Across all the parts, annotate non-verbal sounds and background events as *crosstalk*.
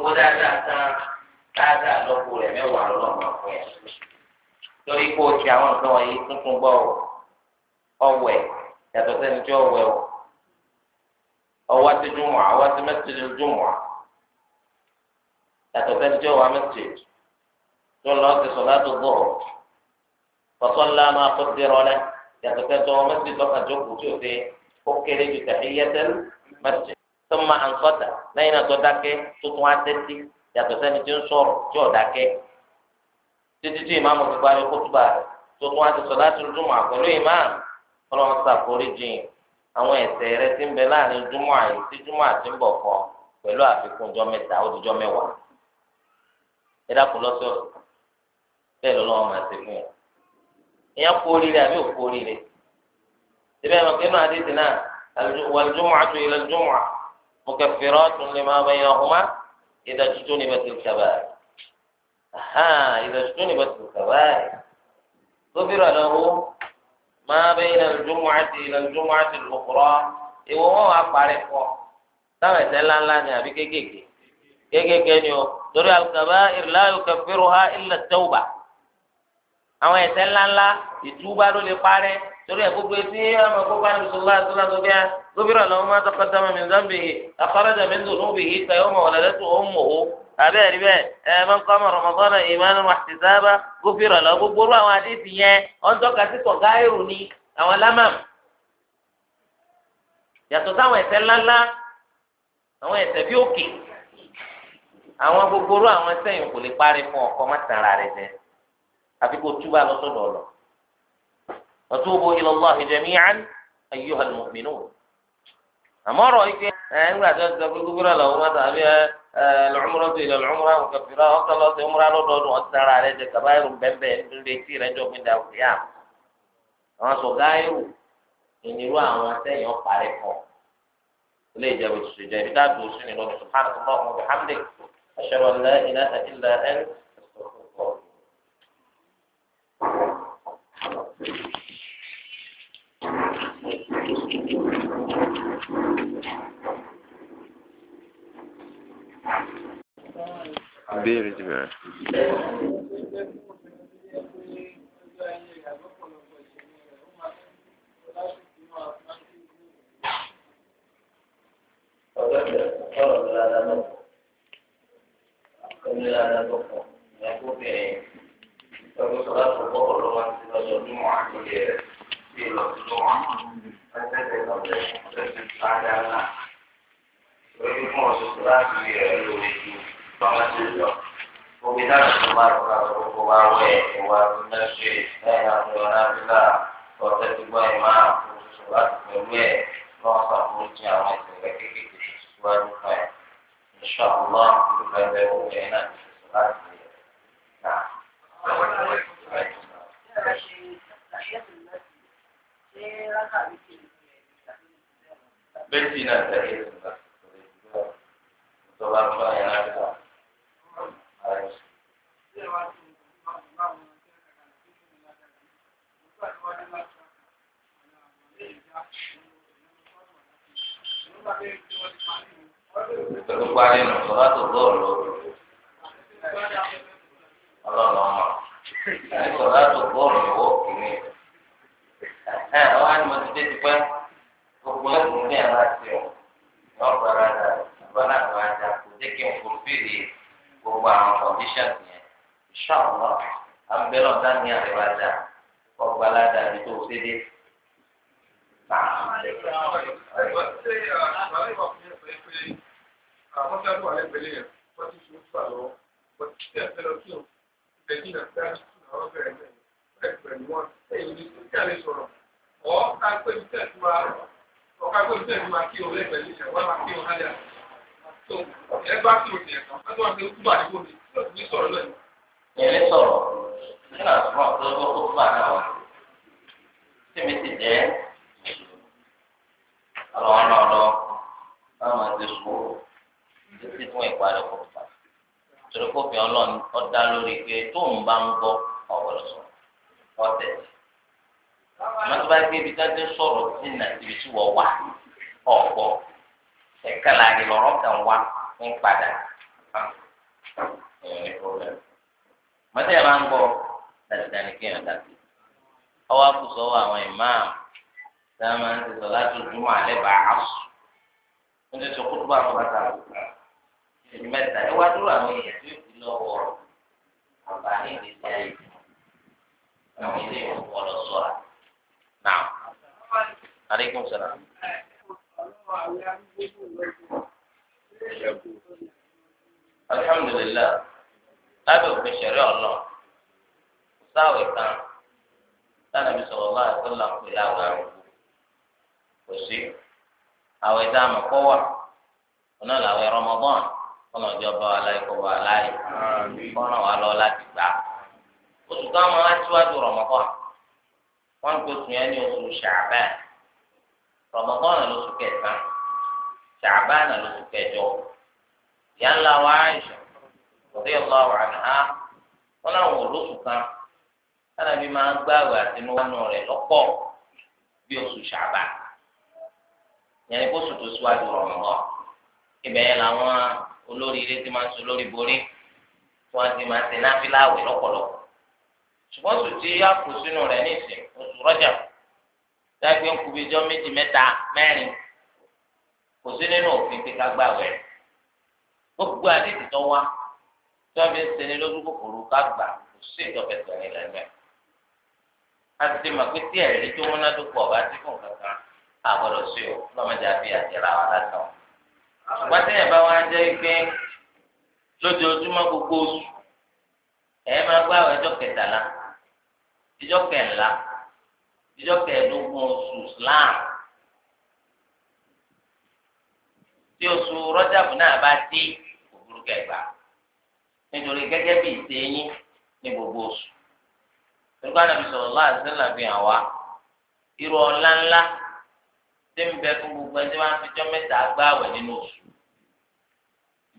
gbogbo dáadáa tán dáadáa lọ́kù rẹ̀ mẹ́wàá lọ́nà fún ẹ̀. lórí kó o ti àwọn nǹkan wọ̀nyí tuntun gbọ́ ọ ọwẹ́ yàtọ̀ sẹ́ni tí ọwẹ́ o ọwọ́ ti jùmọ̀ àwọ́ ti mẹ́tìrì jùmọ̀ yàtọ̀ sẹ́ni tí ọwọ́ mẹ́tìrì tó lọ́ọ́ ti sọ̀lá tó gbọ́ ọ fọ́sọ́lá máa tó ti rọlẹ́ yàtọ̀ sẹ́ni tí ọwọ́ mẹ́tìrì tọ́ka jókòó tí o ti ó kéré ju tàbí tọ́mọ àǹkọ́tà lẹ́yìn náà tó dákẹ́ tó tún yàtọ̀ sẹ́ni tí ń sọ̀rọ̀ tí ò dákẹ́ títí tí ìmáàmù ti parí kótóbà dùnmọ̀ àpẹ̀lú ìmáàmù ọlọ́run jìn àwọn rẹ ti ń bẹ láàrin dùnmọ̀ àyè tí dùnmọ̀ àti ń مكفرات لما بينهما إذا اجتنبت الكبائر ها إذا اجتنبت الكبائر غفر له ما بين الجمعة إلى الجمعة الأخرى ìwọ́wọ́ wa parẹ́ pọ̀ táwọn ẹ̀ṣẹ̀ ńláńlá ni àbí kéékèèké kéékèèké ni o torí alùkàbá ìrìlá yukaffiruha illa tawba àwọn ẹ̀ṣẹ̀ ńláńlá ìtúbà ló lè parẹ́ torí ẹ gbogbo etí ọmọ gbogbo àti bisalòlá àtúnlá tó bí a gómìnà lọ́wọ́ máa tọkọ dáma mi nzambi akọ́rẹ́dà mi nzòló bì í kàyọ́ mọ̀ wọlé lẹ́tọ̀ ó mọ̀ ó abẹ́ rí bẹ́ẹ̀ ẹ máa ń kọ́ ọmọ rọmọdọ́nà ìmánu màtìsábà gómìnà lọ gbogbo orú àwọn àdéhìí yẹn ọ̀n tọ́ka sí kọ̀gá èrò ni àwọn lámàm yàtọ̀ sáwọn ẹ̀ṣẹ̀ ńláńlá àwọn ẹ̀ṣẹ̀ bí òkè àwọn gbogbo orú àwọn ẹ̀ṣẹ̀ kò lè parí fún ọkọ mọ́tàrà rẹ̀ jẹ àfi túbà lọ́sọ̀dọ̀ ọ̀lọ́ وتوبوا إلى الله جميعا أيها المؤمنون أمر إيك أن لا تقول كبرى لو ما تابع العمرة إلى العمرة وكفرة وصلاة عمرة رضوان وأثر عليه كبائر بمبين ليتي رجو من دار القيام àwọn sọgáyò ìnirú àwọn sẹ́yìn ọparẹ kan ilé ìjẹun ìṣèjọ ibi tá a dùn sí ni lọ́dún subhanahu wa ta'ala wa Верю тебе. Thank you. àkókò wa wẹ̀ ìwà tó ń ṣe lẹ́yìn àti ọ̀nàbílà ọ̀tẹ́ ti gbọ́ ìmọ̀ àkókò láti pẹ̀lú ẹ̀ lọ́wọ́ sàkóńjì àwọn ìṣẹ̀lẹ̀ kéékèèké tó ti wájú fún ẹ̀. ìṣàlọ́ ìgbàgbẹ́ òwe náà ti ṣe láti ẹ̀. Bẹ́ẹ̀ni náà tẹ̀lé ìgbà tó lè gbọ́. Ìjọba ń bá ẹ̀ náà gbà. parí nù sọlá tó bọ́ọ̀lù ọlọ́ọ̀lọ́ mọ̀ ní sọlá tó bọ́ọ̀lù ìwọ́ kìíní ẹ̀ ọ́ á ní mo ti dé tipẹ́ gbogbo ẹ̀kún ní ẹ̀rọ àti ọ̀ ní ọ̀pọ̀ ara rẹ̀ ìbọn àgbà àjà kò jẹ́ kí n kò fìrì gbogbo àwọn conditions yẹn ìṣàlọ́ àbẹ̀lọ́ dání àríwá àjà ọgbà aládàá ibi tó ṣe dé. Thank you àwọn tí a tó wà lẹ́gbẹ̀ẹ́ yẹn wọ́n ti fi fà lọ wọ́n ti tẹ̀ fẹ́ lọ kí o ìbẹ̀ yìí náà dá àwọn bẹ̀rẹ̀ bẹ̀rẹ̀ bẹ̀rẹ̀ ni wọ́n ẹ̀yìn ní sí kálẹ̀ sọ̀rọ̀ ọ̀ ká pé bí tẹ̀ tún máa pé bí tẹ̀ tún kí o lẹ́gbẹ̀ẹ́ yẹn wọ́n máa kí o hálẹ̀ àtúntò ẹ bá kí o tẹ̀ kàn fẹ́ tó wà ní kúbà níbo ni yóò ti sọ̀rọ̀ lẹ́nu. ẹ̀rẹ́ sọ̀rọ̀ nígbà bá náà ti jẹ́ ọlọ́ọ̀lọ́ọ̀lọ́ títí fún ìparí kò fà torí kò fi ọlọ́run ọ̀dá lórí pé tó ń bá ń gbọ́ ọ̀wọ́lọ̀ sọ ọ̀tẹ̀ àmọ́ tó bá gbé ibi dájú sọ̀rọ̀ sí nàìjíríà tí wọ́n wà ọ̀pọ̀ ẹ̀ka láàrin lọ́rọ̀ kan wá ń padà èèyàn ní problem mọ́tẹ́ ẹ̀ máa ń gbọ́ dáadáa ní kéèyàn dàbí ọwọ́ àkùsọ̀ wọ àwọn ìmáàmù tí wọ́n máa ń ti sọ láti ojúmọ́ alẹ́ bá a sùn wọ́n ti sọ kótó bá a fọ́ bàtà ìṣẹ́jú mẹ́ta ẹ wá dúró àwọn èèyàn tó ti lọ́wọ́ àǹfààní ìgbésí ayé àwọn ilé ìwọ̀n wọn lọ sọ́ra náà àríkùn sọ̀rọ̀. alhamdulilayi lábẹ́ òfin ṣẹ̀rí ọ̀nà sáwẹ̀ kan sanabi sọ̀rọ̀ láì tó là ń pè láwọn àrùn kò sí àwẹ̀ dáàmú kọ́ wà ọ̀nà làwẹ̀ Ramadan kọlọ̀jọ́ bá wa láyé kọ́ wa láyé kọ́nà wa lọ láti gbà. oṣù táwọn máa ń síwájú Ramadan wọn kò sùn yẹn ní oṣù Sha'ban Ramadan náà lóṣù kẹsàn-án Sha'ban náà lóṣù kẹjọ. ìyá ńlá wa Aisha radiyallahu anha wọn náà wọ̀ lóṣù kan tánàbí máa ń gbààwé àtinúwánu rẹ̀ lọ́pọ̀ bí oṣù Sha'ban yẹn ní kóṣù tó síwájú Ramadan ibẹ̀ làwọn olórí ilé ti máa ń sọ lórí borí tí wọ́n ti máa ń ṣe náfìláwẹ̀ lọ́pọ̀lọpọ̀ ṣùgbọ́n oṣù tí a kù sínú rẹ̀ nísìn oṣù rọ́jà dágbé ń kú bí ọjọ́ méjì mẹ́ta mẹ́rin kò sí nínú òfin pé ká gbà wẹ̀ gbogbo àdéhùn tó wá tí wọ́n fi ń ṣe ní lójú kòkòrò ká gbà kò sí ìjọbẹ̀tọ̀ ní lẹ́gbẹ̀ẹ́ a ti dè mà pé tí ẹ̀rí tó múnádókò ọ̀bá tí kò kankan àgbọ̀dọ̀ sí o lọ́mọdé àbí àjẹrà wa lásán ṣùgbọ́n tẹ́yìn bá wá jẹ́ pé lójoojúmọ́ gbogbo oṣù ẹ̀ máa gbá àwọn ẹjọ́ kẹtàlá ìjọ́ kẹ̀ńlá ìjọ́ kẹẹ̀ẹ́dógún oṣù Islam tí oṣù rọ́jàbù náà bá dé òbúrú kẹgbà nítorí gẹ́gẹ́ bí ìsẹ́yìn ní gbogbo oṣù nígbà náà bisọ̀ lọ́wọ́ àṣẹlá fi hàn wá irú ọ̀la ńlá tí ń bẹ fún gbogbo ẹjọ́ máa ń fi jọ́ mẹ́ta gbáwẹ̀ nínú oṣù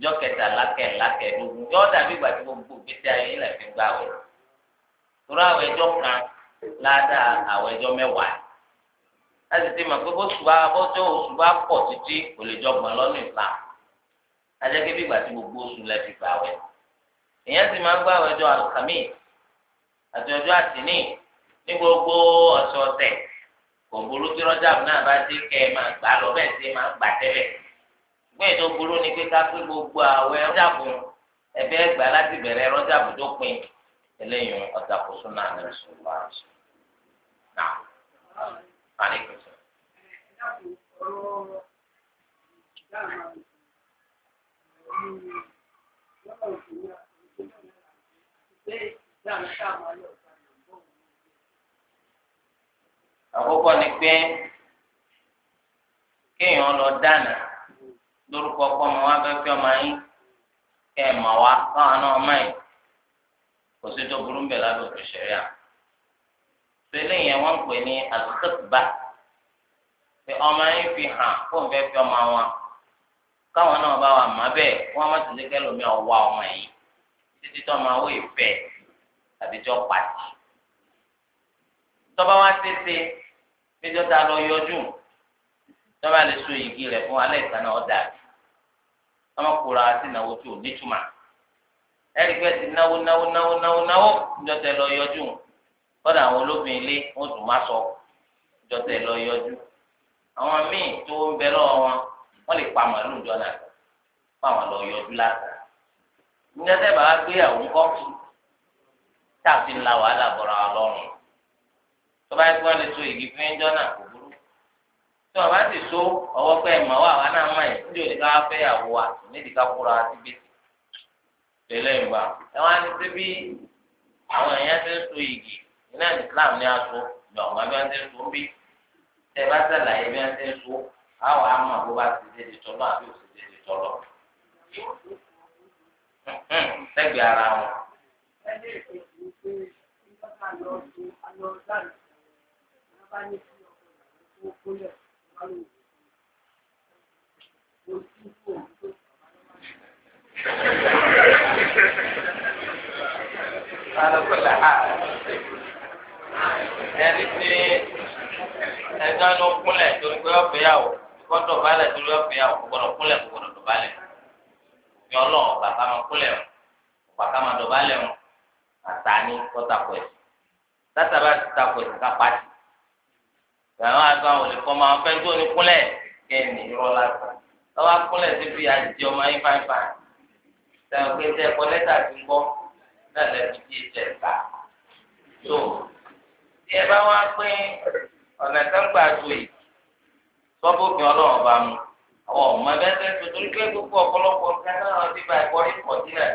jọ kẹta lakẹ lakẹ dogun yọ dàbí ìgbà tí gbogbo gbèsè ayé yìí lẹfi gbà wẹ tóra àwọn ẹjọ́ kan ládàá àwọn ẹjọ́ mẹ́wàá láti ti mọ̀ pé bó ṣùgbọ́n abọ́jọ́ oṣù bá pọ̀ títí kò lè jọgbọ̀n lọ́nà ìfà ajẹ́kẹ́ bí ìgbà tí gbogbo oṣù lẹfi gbà wẹ èèyàn sì máa ń gbà àwọn ẹjọ́ àlùkàmì àti ọjọ́ àtìní ní gbogbo ọ̀sẹ̀ ọ̀sẹ̀ kò burú tí rọ́jà náà bá dé kẹ́ ẹ máa gbà lọ bẹ́ẹ̀ sí máa gbà tẹ́lẹ̀ pé ètò burú ni pé ká pé gbogbo àwẹ̀ rọ́jàbù ẹ̀bẹ̀ ẹgbàá láti bẹ̀rẹ̀ rọ́jàbù tó pin eléyìí ọ̀tà kò sún náà ní wa wọ́n pè ní alkhutba pé ọmọ yín fi hàn fóun fẹ́ fi ọmọ wọn káwọn náà bá wà má bẹ́ẹ̀ wọ́n má ti lékẹ́ lómi ọ̀wá ọmọ yìí títí tó máa wọ ìfẹ́ tàbí tó pàtì tọ́ba wá tètè péjọ ta lọ yọjú tọ́ba lè so ìgi rẹ̀ fún alẹ́ ìkànnà ọ̀dà ọmọ kura sí ìnáwó tó nítumà ẹ̀rí pé ti náwó náwó náwó náwó náwó níjọ́ tẹ lọ yọjú kọ́dà àwọn olóbìn ilé wọ́n tún má sọ jọtẹ lọ yọjú àwọn míì tó ń bẹ lọ́wọ́ wọn wọ́n lè pa màálù jọ náà fáwọn lọ yọjú lásán nígbà tẹ́ bàbá gbéyàwó ńkọ́ táàfin la wàhálà bọ̀rọ̀ ọlọ́run tọ́ba yẹn kí wọ́n lè so ìgì fún ẹjọ́ náà kò burú tí wọ́n bá sì so ọwọ́ pẹ́ mọ́ wà wá náà mọ̀ ẹ̀ tí yóò ká fẹ́yàwó wa nídìí ká kóra ti gbé tẹ́lẹ̀ ń gbà ẹ wá ní síbí àwọn èèyàn ti ń so ìgì iná islam ní aso, ní ọmọ bí wọn ti ń sọ bí tẹ bá sàlàyé bí wọn ti ń sọ àwọn àmọ́ bó bá ti dé di tọlọ àbí òsì dé di tọlọ sẹgbẹ ara wọn. Kalau *laughs* ẹni tí ẹjọ́ ló kúnlẹ̀ torí pé ọ̀fẹ́ yàwó gbọ́dọ̀ balẹ̀ torí ọ̀fẹ́ yàwó gbọ́dọ̀ kúnlẹ̀ gbọ́dọ̀ dọ̀bálẹ̀ ní ọlọ́run bàbá máa kúnlẹ̀ wọn bàbá máa dọ̀bálẹ̀ wọn àtàní kọ́tàkọ̀ ẹ̀sìn látàbí àtìtàkọ̀ ẹ̀sìn kápá ti gbàgbọ́n àgbà wọlé kọ́ máa fẹ́ tó ní kúnlẹ̀ kẹ́ni irọ́ lásán lọ́wọ́ kúnlẹ̀ sí fi àjẹjẹ ọmọ yín fáńfà sẹ́wọ̀n pé tẹ́ ẹ̀kọ́ lẹ́tà ti ń bọ́ náà lẹ́bi tí ì tí ẹ bá wá pé ọ̀nà tó ń gbà ju èyí sọ́bùkún ọlọ́run bá mu ọ̀ mọ bẹ́ẹ̀ tẹ́ tuntun pé gbogbo ọ̀pọ̀lọpọ̀ nǹkan náà ti bá ẹ̀kọ́ rí pọ̀ sílẹ̀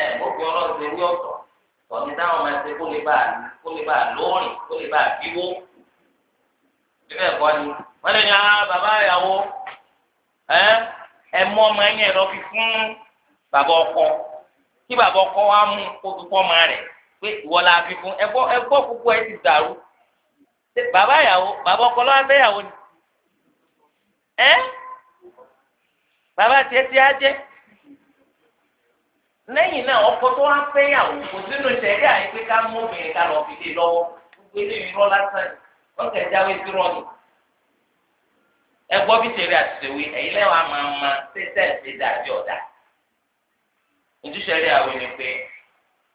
ẹ̀ gbogbo ọlọ́run ti rí ọ̀tọ̀ tọ́ni táwọn máa ṣe kó lè bá kó lè bá lóòrìn kó lè bá bíwó bíbẹ̀ kọ́ ni wọ́n lè yan ah, bàbá ìyàwó ẹ̀ mú ọmọ yẹn lọ fi fún bàbá ọkọ kí bàbá ọkọ wa mú kó fi kọ́ ọmọ rẹ̀ pé ìwọ la fi fún ẹgbọ́ ẹgbọ́ púpọ̀ ẹ ti dàrú bàbá ìyàwó bàbá ọkọ lọ́wọ́ abẹ́yàwó ni ẹ bàbá tiẹ̀ ti á jẹ́ lẹ́yìn náà ọkọ tó wá fẹ́yàwó kò sínú ìṣẹ̀lẹ̀ àyíké ká mú obìnrin ká lọ fi lé lọ́wọ́ gbogbo eléyìí rọ́ lásán wọ́n kẹ̀ jáwé sí rọ́ọ̀nù ẹgbọ́ bí sẹ̀rí àtìsẹ̀wé ẹ̀yin lẹ́wọ̀n a máa ma ṣẹ́ṣẹ́ ṣe dàbí ọ̀dà ojúṣe rí àwọn ẹni pé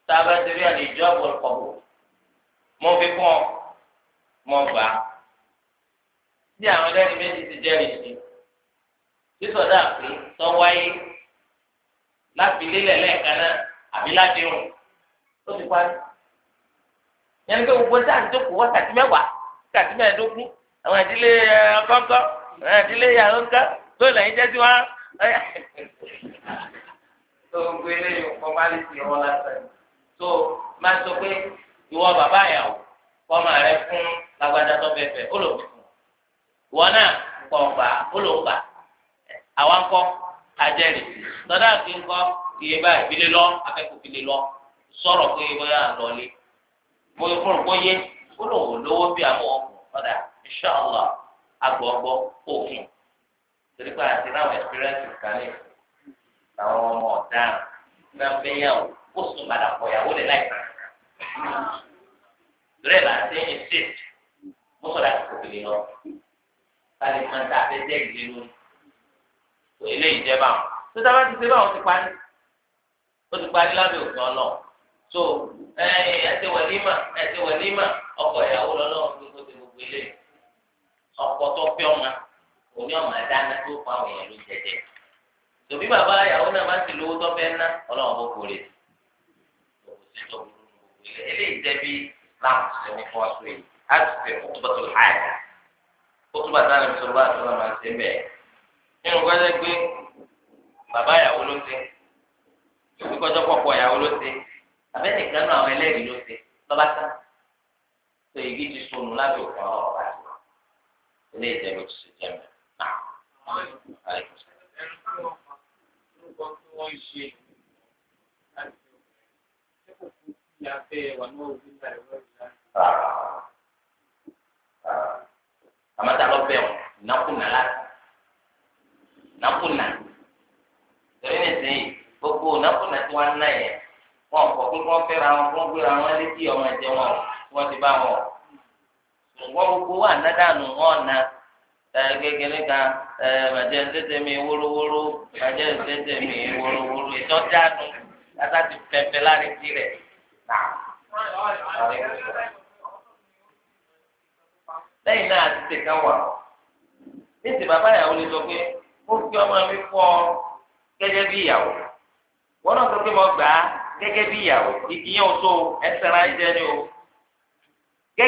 tá a bá ti rí àlejò àbọ̀ kọ̀bọ̀ mo fi kún ọ mo gbà á bí àwọn ẹlẹ́rìí méjì ti jẹ́rìí sí sísọdá pé tọ́wáyé láti lélẹ̀ lẹ́ẹ̀kan náà àbí láti rùn ó ti parí yẹn pé gbogbo sáà ń jókòó wákàtí mẹ́wàá wákàtí mẹ́ẹ̀ẹ́dógún àwọn ìdílé eh, ọkọ̀ọ̀kọ̀ àwọn eh, ìdílé yàrá tó lẹ́yìn jẹ́ sí wọn. tó eléyìí kọ́ máa lè fi ọwọ́ lásán tó máa sọ pé ìwọ bàbá ìyàwó kọ́mọ rẹ fún lágbájá tó fẹ́ fẹ́ ó lò fún ìwọ náà kọ̀ gbà ó lò gbà àwa ń kọ́ ajẹ́rìí sọdá àti ń kọ́ iye báyìí fi lè lọ akẹ́kọ̀ọ́ fi lè lọ sọ̀rọ̀ pé bóyá ń lọlé bóyá fún un bóyá ó lówó bí àwọn ọ̀dà inṣàlá agbọ̀gbọ̀ òfin torí àti náà experience kàlẹ́ làwọn ọmọ ọ̀daràn náà ó sùn padà pọ̀ ìyàwó rẹ̀ láì kàn kàn. Ìrẹ́ là ń sẹ́yìn ṣèt mú sọ̀rọ̀ àti kòkòrò lọ. Káàdì máa ń ta afẹ́jẹ́ ìdílé lórí. Kò eléyìí jẹ́ báwọn. Tó sábà ti ṣe báwọn ti parí. Ó ti parí lábẹ́ òfin ọ̀nà. So ẹsẹ̀ wẹ̀límà ẹsẹ̀ wẹ̀límà ọkọ̀ ìyàwó lọ́lọ́ gbogbo ti gbogbo ilé. Ọkọ̀ tó fẹ́ ọmọ òní ọmọ dáná tó fún àwọn èèyàn ló jẹjẹ. Tòbí bàbá ìyàwó náà má ti lówó tó fẹ́ ná ọlọ́run bó kórè sí lọ eléyìí dẹbi náà ṣe ní fún ọsùn yìí á ti fẹ kótóbá tó láàyè kótóbá tó láàyè sọlá àtúnlá máa ṣe bẹ́ẹ̀ nínú gbọ́dọ̀ gbé bàbá ìyàwó ló ṣe ìwé kọjọ pọpọ ìyàwó ló ṣe abẹnìkan náà àwọn ẹlẹ́rìí ló ṣe lọba tán rárá àmọ́tá lọ bẹ̀ wọ́n nàkúnà láti ah. ah. nàkúnà torí nìsín gbogbo nàkúnà tí wọ́n ná yẹn wọn kọ̀ pé wọ́n fẹ́ra wọn fún gbéra wọn létí ọmọ ẹ̀jẹ̀ wọn tí wọ́n ti bá wọn ṣùgbọ́n gbogbo wà nádàánù wọn na gẹ́gẹ́ níka bàjẹ́ ǹdẹ́tẹ̀ mi wórówóró bàjẹ́ ǹdẹ́tẹ̀ lẹ́yìn náà àti tẹ̀ka wà ní ti bàbá ìyàwó lè sọ pé ó fi ọmọ mi fọ gẹ́gẹ́ bí ìyàwó wọ́n náà sọ pé mo gbà á gẹ́gẹ́ bí ìyàwó ìdíyẹn ò tó ẹsẹ̀ ra ẹ̀jẹ̀ ni o.